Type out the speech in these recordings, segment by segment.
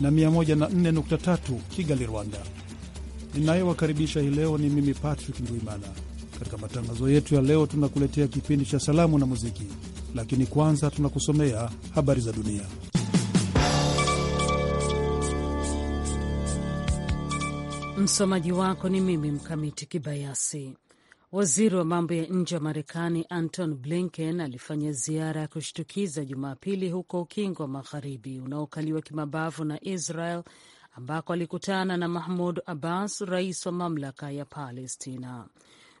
na 104.3 Kigali, Rwanda. Ninayewakaribisha hii leo ni mimi Patrick Ndwimana. Katika matangazo yetu ya leo, tunakuletea kipindi cha salamu na muziki, lakini kwanza tunakusomea habari za dunia. Msomaji wako ni mimi Mkamiti Kibayasi. Waziri wa mambo ya nje wa Marekani Anton Blinken alifanya ziara ya kushtukiza Jumapili huko Ukingo wa Magharibi unaokaliwa kimabavu na Israel, ambako alikutana na Mahmud Abbas, rais wa mamlaka ya Palestina.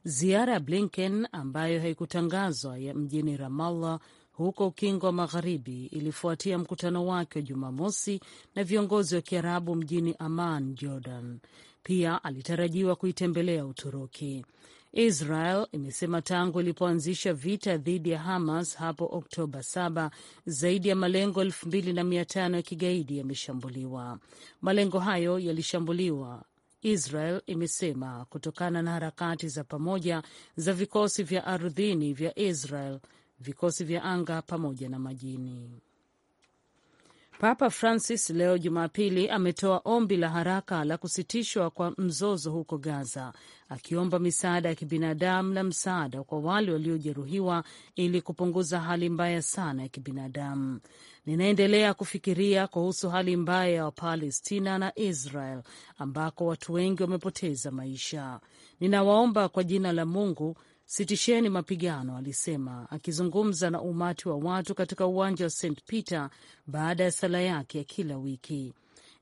Ziara ya Blinken ambayo haikutangazwa ya mjini Ramallah huko Ukingo wa Magharibi ilifuatia mkutano wake wa Jumamosi na viongozi wa Kiarabu mjini Amman, Jordan. Pia alitarajiwa kuitembelea Uturuki. Israel imesema tangu ilipoanzisha vita dhidi ya Hamas hapo Oktoba 7 zaidi ya malengo 2500 ya kigaidi yameshambuliwa. Malengo hayo yalishambuliwa Israel imesema kutokana na harakati za pamoja za vikosi vya ardhini vya Israel, vikosi vya anga pamoja na majini. Papa Francis leo Jumapili ametoa ombi la haraka la kusitishwa kwa mzozo huko Gaza, akiomba misaada ya kibinadamu na msaada kwa wale waliojeruhiwa ili kupunguza hali mbaya sana ya kibinadamu. Ninaendelea kufikiria kuhusu hali mbaya ya Wapalestina na Israel ambako watu wengi wamepoteza maisha. Ninawaomba kwa jina la Mungu sitisheni mapigano, alisema akizungumza na umati wa watu katika uwanja wa St Peter baada ya sala yake ya kila wiki.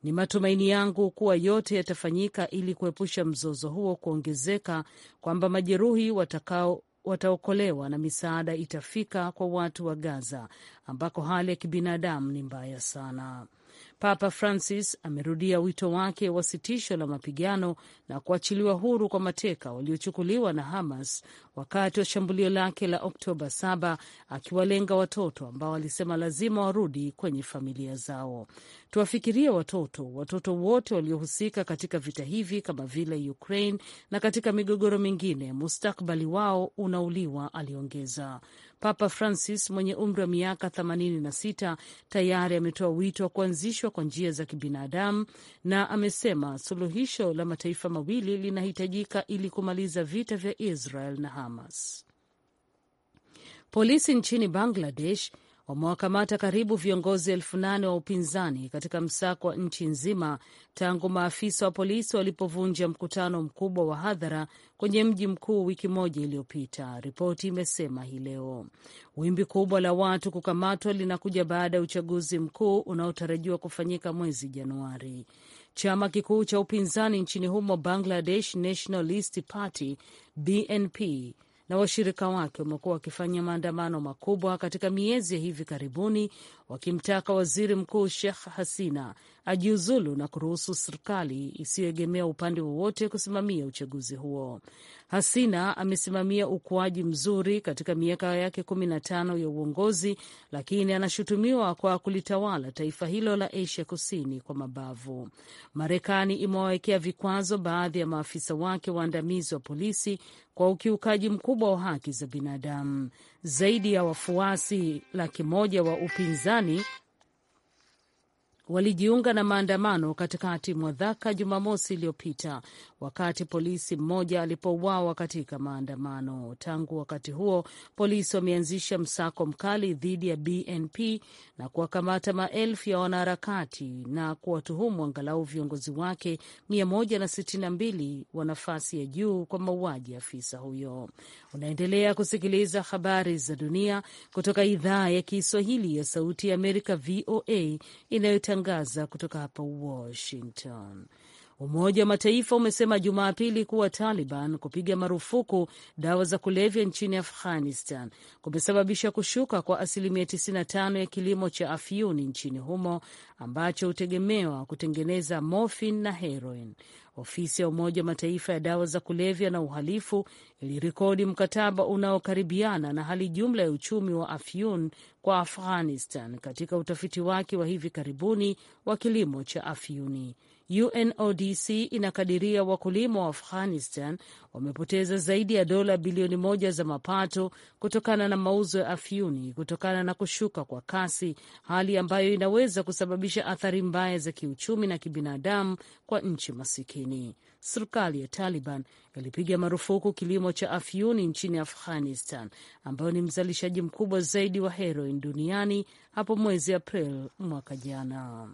Ni matumaini yangu kuwa yote yatafanyika ili kuepusha mzozo huo kuongezeka, kwamba majeruhi watakao wataokolewa na misaada itafika kwa watu wa Gaza ambako hali ya kibinadamu ni mbaya sana. Papa Francis amerudia wito wake wa sitisho la mapigano na kuachiliwa huru kwa mateka waliochukuliwa na Hamas wakati wa shambulio lake la Oktoba 7 akiwalenga watoto ambao alisema lazima warudi kwenye familia zao. Tuwafikirie watoto, watoto wote waliohusika katika vita hivi kama vile Ukraine na katika migogoro mingine, mustakbali wao unauliwa, aliongeza. Papa Francis mwenye umri wa miaka 86 tayari ametoa wito wa kuanzishwa kwa njia za kibinadamu na amesema suluhisho la mataifa mawili linahitajika ili kumaliza vita vya Israel na Hamas. Polisi nchini Bangladesh wamewakamata karibu viongozi elfu nane wa upinzani katika msako wa nchi nzima tangu maafisa wa polisi walipovunja mkutano mkubwa wa hadhara kwenye mji mkuu wiki moja iliyopita, ripoti imesema hii leo. Wimbi kubwa la watu kukamatwa linakuja baada ya uchaguzi mkuu unaotarajiwa kufanyika mwezi Januari. Chama kikuu cha upinzani nchini humo Bangladesh nationalist Party BNP na washirika wake wamekuwa wakifanya maandamano makubwa katika miezi ya hivi karibuni wakimtaka waziri mkuu Sheikh Hasina ajiuzulu na kuruhusu serikali isiyoegemea upande wowote kusimamia uchaguzi huo. Hasina amesimamia ukuaji mzuri katika miaka yake kumi na tano ya uongozi, lakini anashutumiwa kwa kulitawala taifa hilo la Asia Kusini kwa mabavu. Marekani imewawekea vikwazo baadhi ya maafisa wake waandamizi wa polisi kwa ukiukaji mkubwa wa haki za binadamu. Zaidi ya wafuasi laki moja wa upinzani walijiunga na maandamano katikati mwa Dhaka Jumamosi iliyopita wakati polisi mmoja alipouawa katika maandamano. Tangu wakati huo, polisi wameanzisha msako mkali dhidi ya BNP na kuwakamata maelfu ya wanaharakati na kuwatuhumu angalau viongozi wake 162 wa nafasi ya juu kwa mauaji ya afisa huyo. Unaendelea kusikiliza habari za dunia kutoka idhaa ya Kiswahili ya Sauti ya Amerika, VOA inayo ikitangaza kutoka hapa Washington. Umoja wa Mataifa umesema Jumapili kuwa Taliban kupiga marufuku dawa za kulevya nchini Afghanistan kumesababisha kushuka kwa asilimia 95 ya kilimo cha afyuni nchini humo ambacho hutegemewa kutengeneza morfin na heroin. Ofisi ya Umoja wa Mataifa ya dawa za kulevya na uhalifu ilirekodi mkataba unaokaribiana na hali jumla ya uchumi wa afyun kwa Afghanistan katika utafiti wake wa hivi karibuni wa kilimo cha afyuni. UNODC inakadiria wakulima wa Afghanistan wamepoteza zaidi ya dola bilioni moja za mapato kutokana na mauzo ya afyuni kutokana na kushuka kwa kasi, hali ambayo inaweza kusababisha athari mbaya za kiuchumi na kibinadamu kwa nchi masikini kusini. Serikali ya Taliban ilipiga marufuku kilimo cha afyuni nchini Afghanistan, ambayo ni mzalishaji mkubwa zaidi wa heroin duniani hapo mwezi Aprili mwaka jana.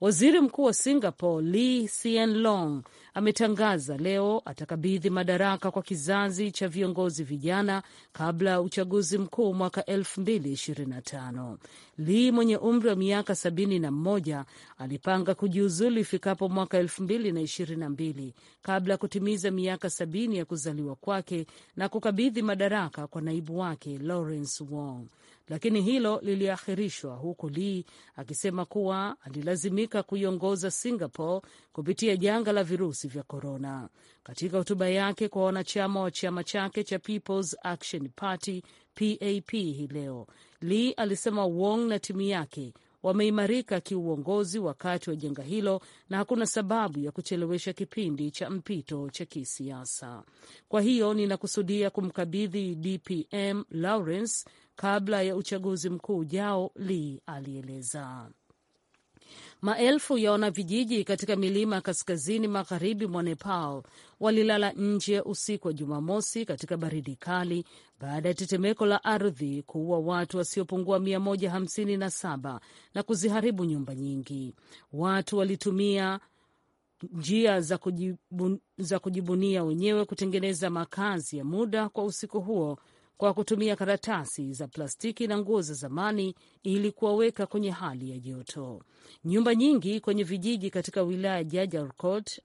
Waziri Mkuu wa Singapore Lee Hsien Loong ametangaza leo atakabidhi madaraka kwa kizazi cha viongozi vijana kabla ya uchaguzi mkuu mwaka 2025. Lee mwenye umri wa miaka 71 alipanga kujiuzulu ifikapo mwaka 2022 kabla ya kutimiza miaka 70 ya kuzaliwa kwake na kukabidhi madaraka kwa naibu wake Lawrence Wong, lakini hilo liliahirishwa huku Lee akisema kuwa alilazimika kuiongoza Singapore kupitia janga la virusi virusi vya korona. Katika hotuba yake kwa wanachama wa chama chake cha People's Action Party PAP hii leo, Lee alisema Wong na timu yake wameimarika kiuongozi wakati wa janga hilo na hakuna sababu ya kuchelewesha kipindi cha mpito cha kisiasa. Kwa hiyo ninakusudia kumkabidhi DPM Lawrence kabla ya uchaguzi mkuu ujao, Lee alieleza. Maelfu ya wanavijiji katika milima ya kaskazini magharibi mwa Nepal walilala nje usiku wa Jumamosi katika baridi kali baada ya tetemeko la ardhi kuua watu wasiopungua 157 na kuziharibu nyumba nyingi. Watu walitumia njia za, kujibun, za kujibunia wenyewe kutengeneza makazi ya muda kwa usiku huo kwa kutumia karatasi za plastiki na nguo za zamani ili kuwaweka kwenye hali ya joto. Nyumba nyingi kwenye vijiji katika wilaya ya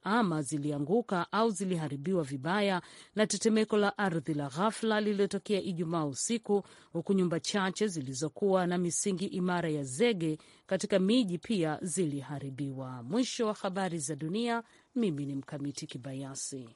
ama zilianguka au ziliharibiwa vibaya na tetemeko la ardhi la ghafla lililotokea Ijumaa usiku, huku nyumba chache zilizokuwa na misingi imara ya zege katika miji pia ziliharibiwa. Mwisho wa habari za dunia. Mimi ni Mkamiti Kibayasi.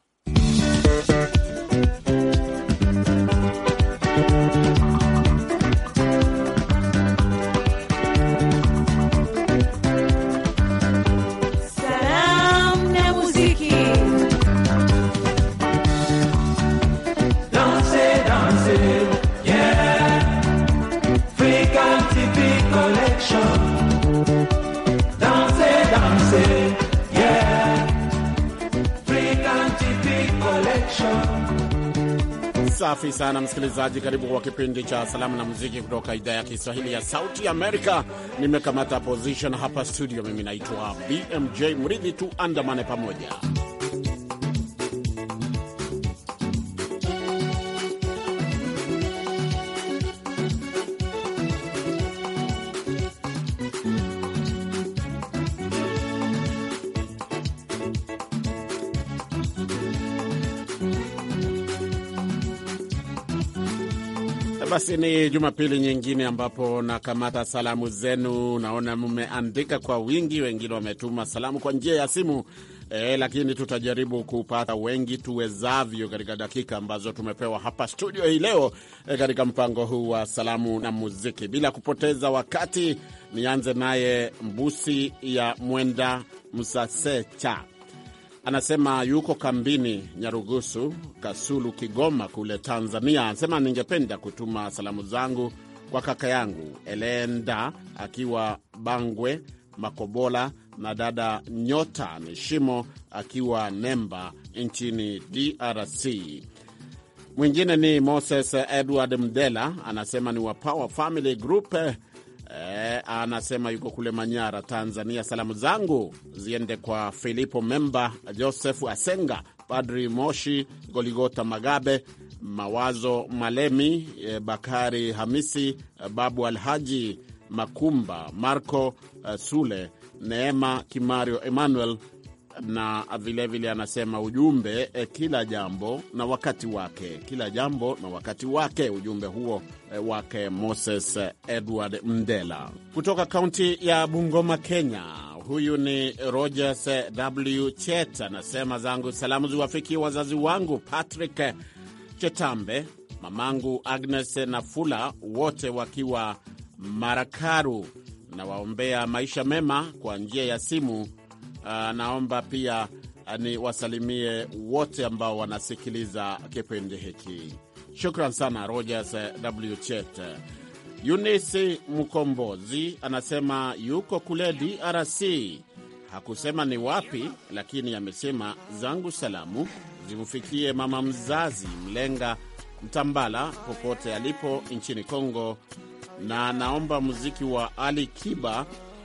Safi sana msikilizaji, karibu kwa kipindi cha salamu na muziki kutoka idhaa ya Kiswahili ya Sauti Amerika. Nimekamata position hapa studio, mimi naitwa BMJ Mridhi, tu andamane pamoja. Basi ni Jumapili nyingine ambapo nakamata salamu zenu. Naona mmeandika kwa wingi, wengine wametuma salamu kwa njia ya simu e, lakini tutajaribu kupata wengi tuwezavyo katika dakika ambazo tumepewa hapa studio hii leo e, katika mpango huu wa salamu na muziki. Bila kupoteza wakati, nianze naye Mbusi ya Mwenda Msasecha anasema yuko kambini Nyarugusu, Kasulu, Kigoma kule Tanzania. Anasema ningependa kutuma salamu zangu kwa kaka yangu Elenda akiwa Bangwe Makobola na dada Nyota ni Shimo akiwa Nemba nchini DRC. Mwingine ni Moses Edward Mdela anasema ni wa Power Family Group E, anasema yuko kule Manyara, Tanzania. Salamu zangu ziende kwa Filipo Memba, josef Asenga, Padri Moshi, Goligota Magabe, Mawazo Malemi, e, Bakari Hamisi, eh, Babu Alhaji Makumba, Marco Sule, Neema Kimario, Emmanuel na vilevile vile anasema ujumbe e, kila jambo na wakati wake, kila jambo na wakati wake. Ujumbe huo e, wake Moses eh, Edward Mdela kutoka kaunti ya Bungoma, Kenya. Huyu ni Rogers W Chet, anasema zangu salamu ziwafikie wazazi wangu Patrick Chetambe, mamangu Agnes na Fula, wote wakiwa Marakaru, na waombea maisha mema kwa njia ya simu Ah, naomba pia ah, ni wasalimie wote ambao wanasikiliza kipindi hiki. Shukran sana Rogers eh, W Chet. Yunisi Mkombozi anasema yuko kule DRC, hakusema ni wapi, lakini amesema zangu salamu zimfikie mama mzazi Mlenga Mtambala popote alipo nchini Kongo, na naomba muziki wa Ali Kiba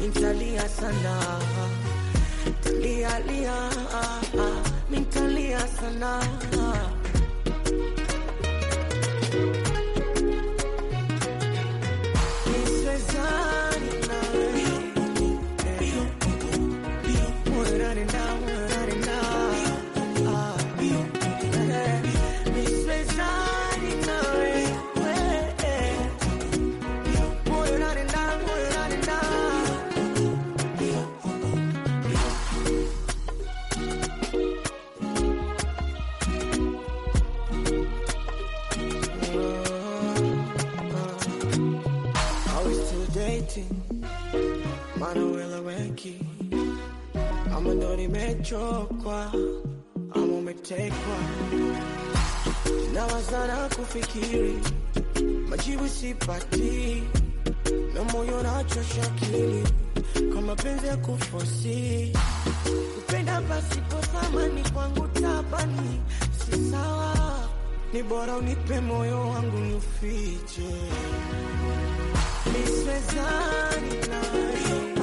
mintalia sana talia lia ah, ah, ah. mintalia sana kama ndo nimechokwa ama umetekwa, nawazana kufikiri majibu sipati, na moyo nachosha akili kwa mapenzi ya kufosi kupenda pasipo thamani, kwangu tabani si sawa, ni bora unipe moyo wangu niufiche, niswezani naye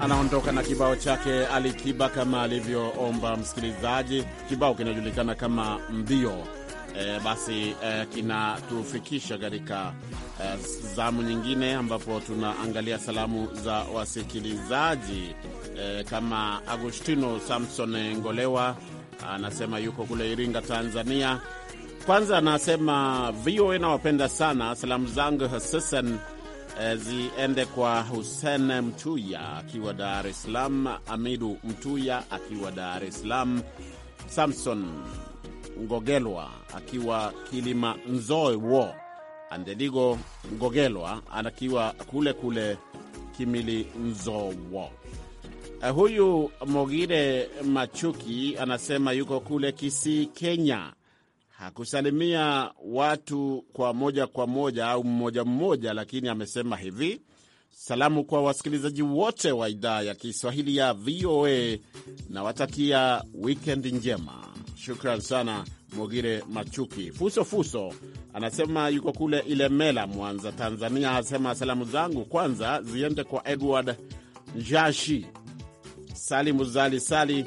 Anaondoka na kibao chake Alikiba kama alivyoomba msikilizaji. Kibao kinajulikana kama Mbio. E, basi e, kinatufikisha katika e, zamu nyingine ambapo tunaangalia salamu za wasikilizaji e, kama Agustino Samson Ngolewa anasema yuko kule Iringa, Tanzania. Kwanza anasema VOA nawapenda sana, salamu zangu hususan eh, ziende kwa Hussein Mtuya akiwa Dar es Salaam, Amidu Mtuya akiwa Dar es Salaam, Samson Ngogelwa akiwa Kilima Nzoe wo Andeligo Ngogelwa anakiwa kule kule Kimili Nzowo. Eh, huyu Mogire Machuki anasema yuko kule Kisii, Kenya hakusalimia watu kwa moja kwa moja au mmoja mmoja, lakini amesema hivi: salamu kwa wasikilizaji wote wa idhaa ya Kiswahili ya VOA na watakia wikendi njema. Shukran sana Mogire Machuki. Fuso Fuso anasema yuko kule Ilemela, Mwanza, Tanzania. Anasema salamu zangu kwanza ziende kwa Edward Njashi, Sali Muzali, Sali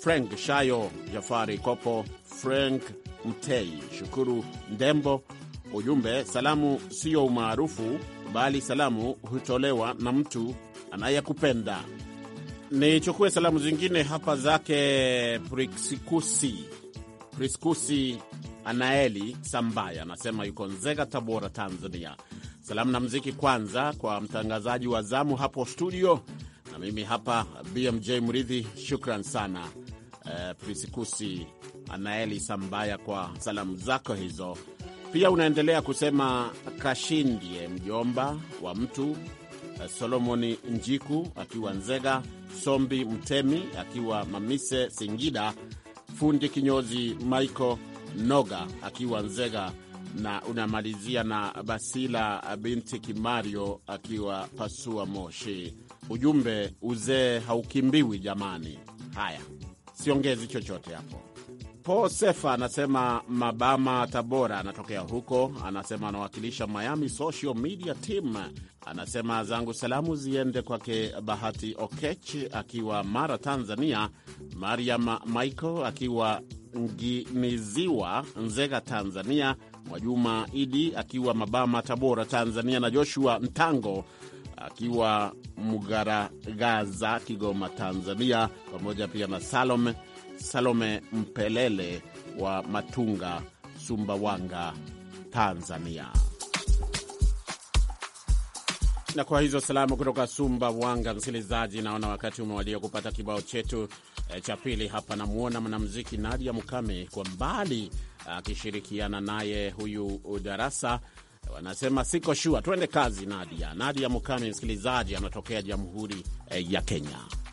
Frank Shayo, Jafari Kopo, Frank Utei Shukuru Ndembo. Ujumbe, salamu siyo umaarufu, bali salamu hutolewa na mtu anayekupenda. Nichukue salamu zingine hapa zake Priskusi, Priskusi Anaeli Sambaya, anasema yuko Nzega, Tabora, Tanzania. Salamu na mziki kwanza kwa mtangazaji wa zamu hapo studio na mimi hapa BMJ Mridhi, shukran sana. Uh, eh, Priskusi Anaeli Sambaya kwa salamu zako hizo. Pia unaendelea kusema Kashindie, mjomba wa mtu eh, Solomoni Njiku akiwa Nzega, Sombi Mtemi akiwa Mamise Singida, fundi kinyozi Michael Noga akiwa Nzega, na unamalizia na Basila binti Kimario akiwa Pasua Moshi. Ujumbe, uzee haukimbiwi jamani. Haya, siongezi chochote hapo. Paul Sefa anasema Mabama, Tabora, anatokea huko. Anasema anawakilisha Miami Social Media Team. Anasema zangu salamu ziende kwake Bahati Okech akiwa Mara, Tanzania, Mariam Michael akiwa Nginiziwa, Nzega, Tanzania, Mwajuma Idi akiwa Mabama, Tabora, Tanzania, na Joshua Mtango akiwa Mugaragaza, Kigoma, Tanzania, pamoja pia na Salome Salome Mpelele wa Matunga, Sumbawanga, Tanzania. Na kwa hizo salamu kutoka Sumbawanga, msikilizaji, naona wakati umewadia kupata kibao chetu e, cha pili hapa. Namwona mwanamuziki Nadia Mukame kwa mbali akishirikiana naye huyu Darasa, wanasema siko shua. Tuende kazi. Nadia Nadia Mukame, msikilizaji, anatokea Jamhuri eh, ya Kenya.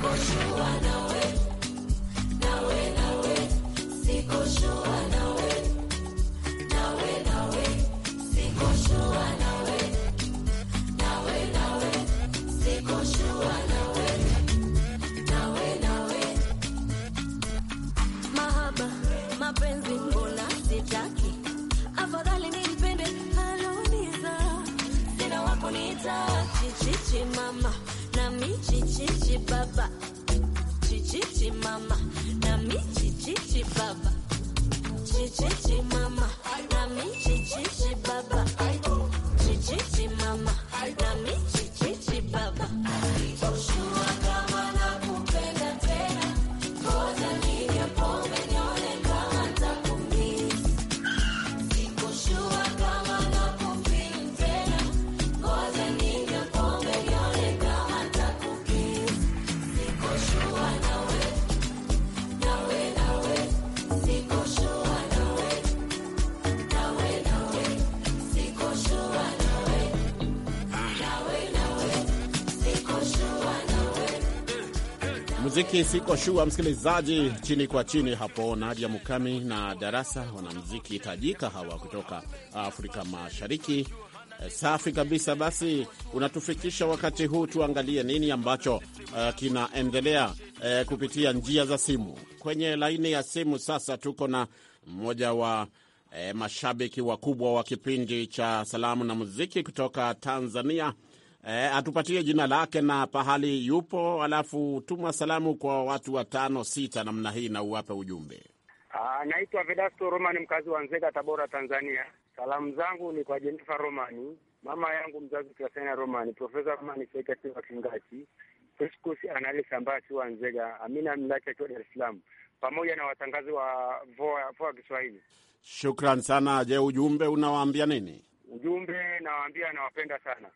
siko nawe nawe nawe siko nawe muziki Siko Shua, msikilizaji, chini kwa chini hapo. Nadia Mukami na Darasa, wanamuziki tajika hawa kutoka uh, Afrika Mashariki. Eh, safi kabisa. Basi unatufikisha wakati huu, tuangalie nini ambacho uh, kinaendelea uh, kupitia njia za simu. Kwenye laini ya simu sasa tuko na mmoja wa uh, mashabiki wakubwa wa kipindi cha salamu na muziki kutoka Tanzania e, atupatie jina lake na pahali yupo, alafu tuma salamu kwa watu watano sita namna hii na uwape ujumbe. Ah, naitwa Vedasto Romani, mkazi wa Nzega, Tabora, Tanzania. Salamu zangu ni kwa Jenifa Romani, mama yangu mzazi, Klasena Romani, Profesa Romani Sekati wa Kingati, Feskus Analis ambaye akiwa Nzega, Amina Mlaki akiwa Dar es Salaam, pamoja na watangazi wa VOA, VOA Kiswahili. Shukran sana. Je, ujumbe unawaambia nini? Ujumbe nawaambia, nawapenda sana.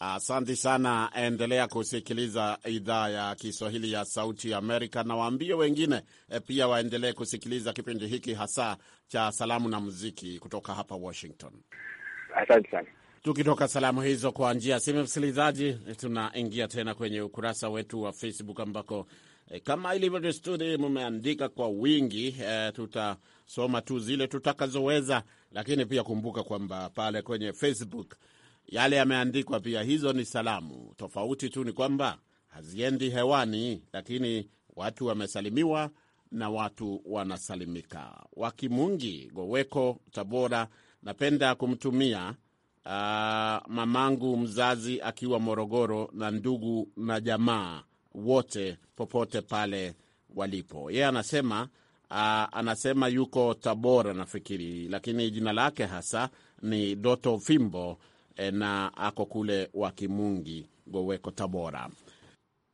Asante sana. Endelea kusikiliza idhaa ya Kiswahili ya Sauti Amerika, na waambie wengine eh, pia waendelee kusikiliza kipindi hiki hasa cha salamu na muziki kutoka hapa Washington. Asante sana. Tukitoka salamu hizo kwa njia ya simu, msikilizaji, tunaingia tena kwenye ukurasa wetu wa Facebook ambako e, kama ilivyo desturi mmeandika kwa wingi e, tutasoma tu zile tutakazoweza, lakini pia kumbuka kwamba pale kwenye Facebook yale yameandikwa pia. Hizo ni salamu, tofauti tu ni kwamba haziendi hewani, lakini watu wamesalimiwa na watu wanasalimika. Wakimungi Goweko, Tabora, napenda kumtumia uh, mamangu mzazi akiwa Morogoro na ndugu na jamaa wote popote pale walipo. Yeye anasema uh, anasema yuko Tabora nafikiri, lakini jina lake hasa ni Doto Fimbo na ako kule Wakimungi, Goweko, Tabora.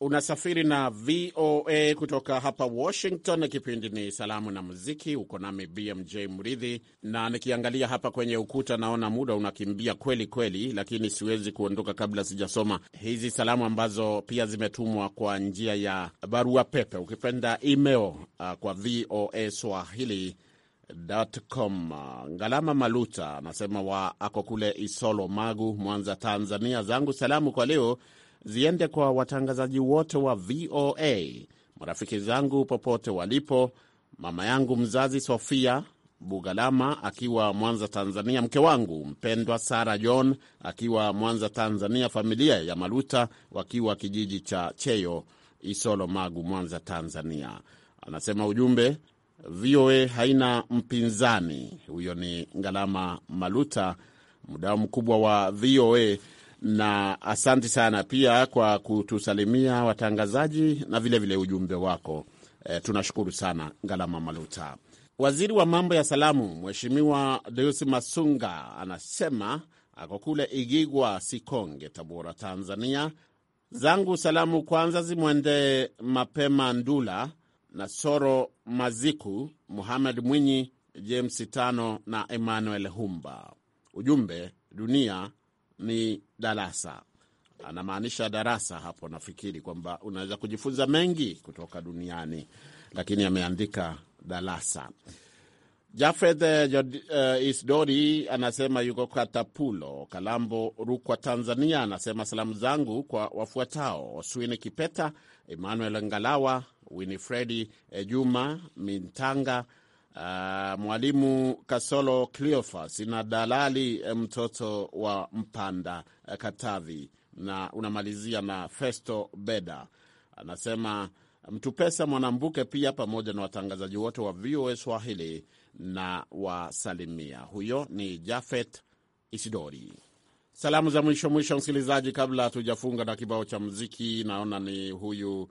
Unasafiri na VOA kutoka hapa Washington. Kipindi ni Salamu na Muziki, uko nami BMJ Mridhi, na nikiangalia hapa kwenye ukuta naona muda unakimbia kweli kweli, lakini siwezi kuondoka kabla sijasoma hizi salamu ambazo pia zimetumwa kwa njia ya barua pepe, ukipenda email, uh, kwa VOA Swahili com. Ngalama Maluta anasema wa ako kule Isolo, Magu, Mwanza, Tanzania. Zangu salamu kwa leo ziende kwa watangazaji wote wa VOA, marafiki zangu popote walipo, mama yangu mzazi Sofia Bugalama akiwa Mwanza Tanzania, mke wangu mpendwa Sara John akiwa Mwanza Tanzania, familia ya Maluta wakiwa kijiji cha Cheyo Isolo, Magu, Mwanza Tanzania. Anasema ujumbe VOA haina mpinzani. Huyo ni Ngalama Maluta, mdau mkubwa wa VOA, na asanti sana pia kwa kutusalimia watangazaji na vilevile vile ujumbe wako. E, tunashukuru sana Ngalama Maluta. Waziri wa mambo ya salamu Mheshimiwa Deusi Masunga anasema ako kule Igigwa, Sikonge, Tabora, Tanzania. Zangu salamu kwanza zimwende Mapema Ndula Nasoro Maziku, Muhamed Mwinyi, James Tano na Emmanuel Humba. Ujumbe, dunia ni darasa. Anamaanisha darasa hapo, nafikiri kwamba unaweza kujifunza mengi kutoka duniani, lakini ameandika darasa. Jafeth eh, uh, eh, Isdori anasema yuko Katapulo, Kalambo, Rukwa, Tanzania. Anasema salamu zangu kwa wafuatao: swini Kipeta, Emmanuel Ngalawa, Winifredi eh, Juma Mintanga, uh, Mwalimu Kasolo Cleofas na dalali mtoto wa Mpanda, Katavi, na unamalizia na Festo Beda. Anasema Mtupesa Mwanambuke pia pamoja na watangazaji wote wa VOA Swahili na wasalimia. Huyo ni Jafet Isidori. Salamu za mwisho mwisho, msikilizaji, kabla hatujafunga na kibao cha muziki, naona ni huyu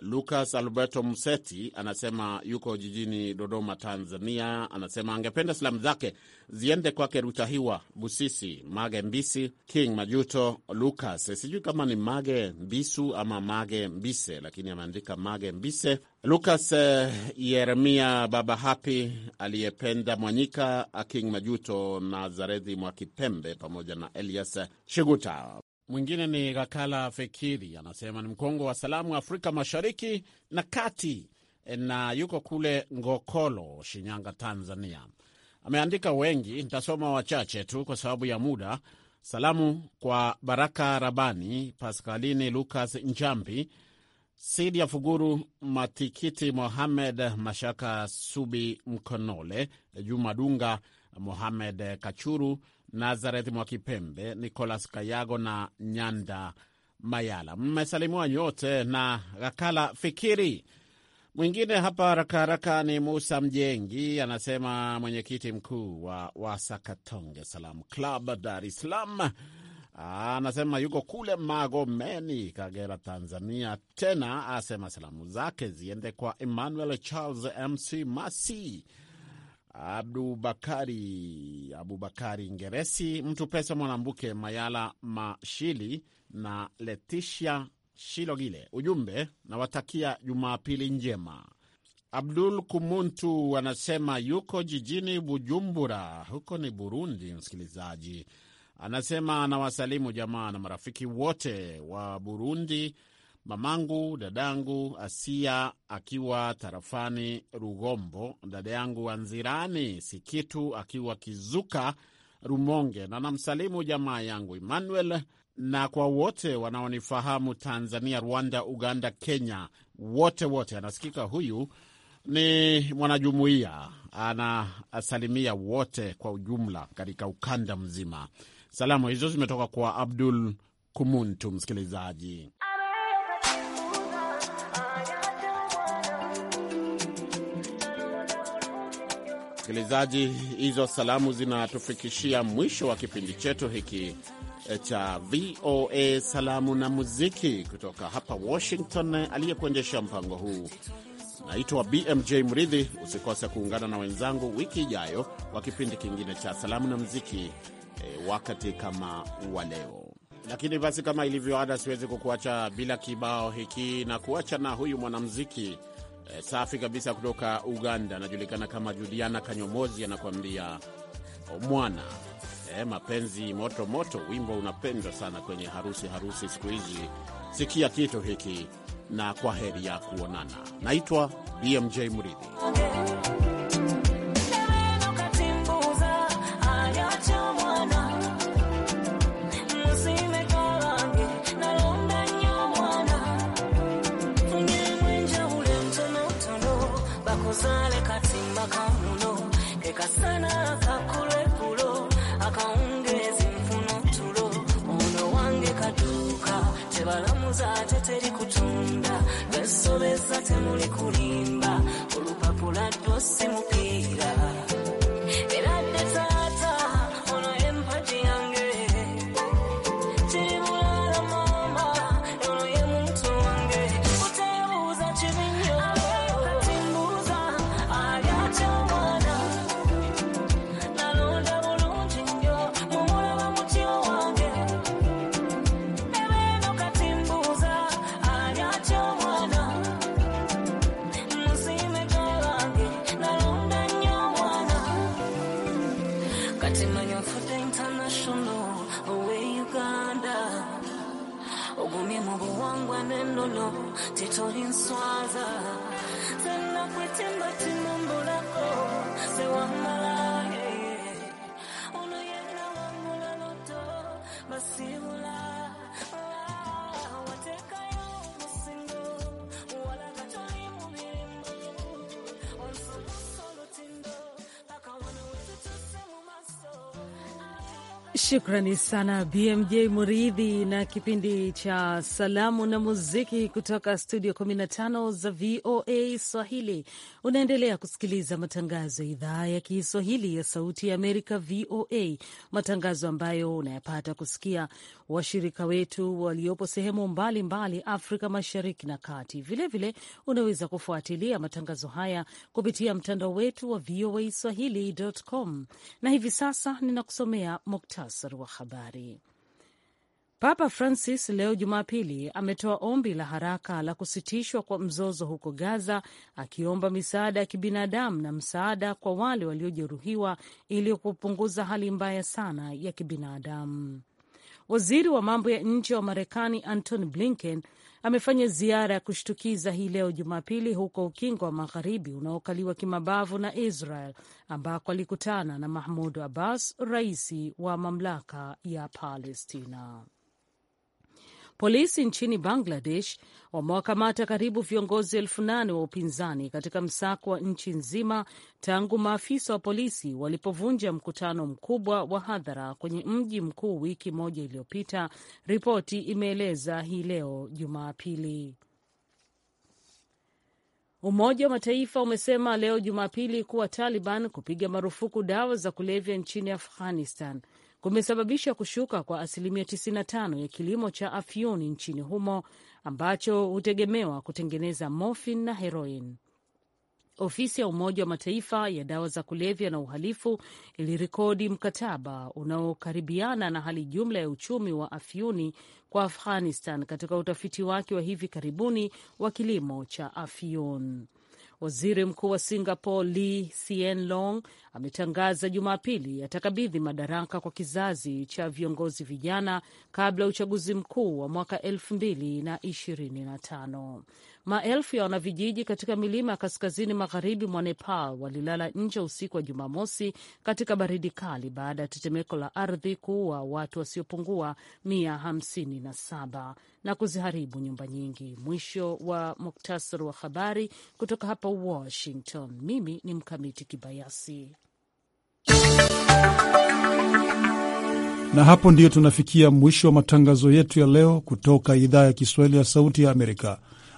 Lucas Alberto mseti anasema yuko jijini Dodoma, Tanzania. Anasema angependa salamu zake ziende kwake Rutahiwa Busisi, Mage Mbisi, King Majuto, Lucas. Sijui kama ni Mage Mbisu ama Mage Mbise, lakini ameandika Mage Mbise. Lucas eh, Yeremia, Baba Hapi aliyependa Mwanyika, King Majuto, Nazareti Mwakipembe pamoja na Elias Shiguta. Mwingine ni Gakala Fekiri, anasema ni mkongo wa salamu Afrika Mashariki na Kati, eh, na yuko kule Ngokolo, Shinyanga, Tanzania. Ameandika wengi, ntasoma wachache tu kwa sababu ya muda. Salamu kwa Baraka Rabani, Paskalini Lukas Njambi, Sidi ya Fuguru, Matikiti Mohamed, Mashaka Subi, Mkonole Juma Dunga, Mohamed Kachuru, Nazareth Mwakipembe, Nicolas Kayago na Nyanda Mayala. Mmesalimiwa nyote na Gakala Fikiri. Mwingine hapa haraka haraka ni Musa Mjengi, anasema mwenyekiti mkuu wa Wasakatonge Salam Club, Dar es Salaam. Anasema yuko kule Magomeni, Kagera, Tanzania. Tena asema salamu zake ziende kwa Emmanuel Charles, MC Masi Abubakari Abubakari Ngeresi, pesa Mwanambuke, Mayala Mashili na letisia Shilogile. Ujumbe, nawatakia Jumapili njema. Abdul Kumuntu anasema yuko jijini Bujumbura, huko ni Burundi. Msikilizaji anasema anawasalimu jamaa na marafiki wote wa Burundi mamangu, dadangu Asia akiwa tarafani Rugombo, dada yangu Anzirani Sikitu akiwa Kizuka Rumonge, na namsalimu jamaa yangu Emmanuel na kwa wote wanaonifahamu Tanzania, Rwanda, Uganda, Kenya, wote wote. Anasikika huyu ni mwanajumuiya, anasalimia wote kwa ujumla katika ukanda mzima. Salamu hizo zimetoka kwa Abdul Kumuntu, msikilizaji Msikilizaji, hizo salamu zinatufikishia mwisho wa kipindi chetu hiki eh, cha VOA Salamu na Muziki kutoka hapa Washington. Aliyekuendesha mpango huu naitwa BMJ Mridhi. Usikose kuungana na wenzangu wiki ijayo kwa kipindi kingine cha Salamu na Muziki e, wakati kama wa leo. Lakini basi, kama ilivyo ada, siwezi kukuacha bila kibao hiki na kuacha na huyu mwanamuziki E, safi kabisa kutoka Uganda, anajulikana kama Juliana Kanyomozi, anakuambia oh, mwana e, mapenzi moto moto, wimbo unapendwa sana kwenye harusi harusi siku hizi. Sikia kitu hiki na kwa heri ya kuonana. Naitwa BMJ Mridhi. kukozesa temuli kulimba olupapula tosi mupiira Bonsoir. Shukrani sana BMJ Muridhi na kipindi cha salamu na muziki kutoka studio 15 za VOA Swahili. Unaendelea kusikiliza matangazo ya idhaa ya Kiswahili ya Sauti ya Amerika, VOA, matangazo ambayo unayapata kusikia washirika wetu waliopo sehemu mbalimbali mbali Afrika Mashariki na Kati. Vilevile vile, unaweza kufuatilia matangazo haya kupitia mtandao wetu wa VOA Swahili.com, na hivi sasa ninakusomea mokta muktasari wa habari. Papa Francis leo Jumapili ametoa ombi la haraka la kusitishwa kwa mzozo huko Gaza, akiomba misaada ya kibinadamu na msaada kwa wale waliojeruhiwa ili kupunguza hali mbaya sana ya kibinadamu. Waziri wa mambo ya nje wa Marekani Antony Blinken amefanya ziara ya kushtukiza hii leo Jumapili huko Ukingo wa Magharibi unaokaliwa kimabavu na Israel, ambako alikutana na Mahmud Abbas, rais wa mamlaka ya Palestina. Polisi nchini Bangladesh wamewakamata karibu viongozi elfu nane wa upinzani katika msako wa nchi nzima tangu maafisa wa polisi walipovunja mkutano mkubwa wa hadhara kwenye mji mkuu wiki moja iliyopita, ripoti imeeleza hii leo Jumapili. Umoja wa Mataifa umesema leo Jumapili kuwa Taliban kupiga marufuku dawa za kulevya nchini Afghanistan kumesababisha kushuka kwa asilimia 95 ya kilimo cha afyuni nchini humo ambacho hutegemewa kutengeneza morfin na heroin. Ofisi ya Umoja wa Mataifa ya dawa za kulevya na uhalifu ilirekodi mkataba unaokaribiana na hali jumla ya uchumi wa afyuni kwa Afghanistan katika utafiti wake wa hivi karibuni wa kilimo cha afyuni. Waziri Mkuu wa Singapore Lee Hsien Loong ametangaza Jumapili atakabidhi madaraka kwa kizazi cha viongozi vijana kabla ya uchaguzi mkuu wa mwaka elfu mbili na ishirini na tano. Maelfu ya wanavijiji katika milima ya kaskazini magharibi mwa Nepal walilala nje usiku wa Jumamosi katika baridi kali baada ya tetemeko la ardhi kuua watu wasiopungua mia hamsini na saba na kuziharibu nyumba nyingi. Mwisho wa muktasari wa habari kutoka hapa Washington. Mimi ni Mkamiti Kibayasi. Na hapo ndiyo tunafikia mwisho wa matangazo yetu ya leo kutoka idhaa ya Kiswahili ya Sauti ya Amerika.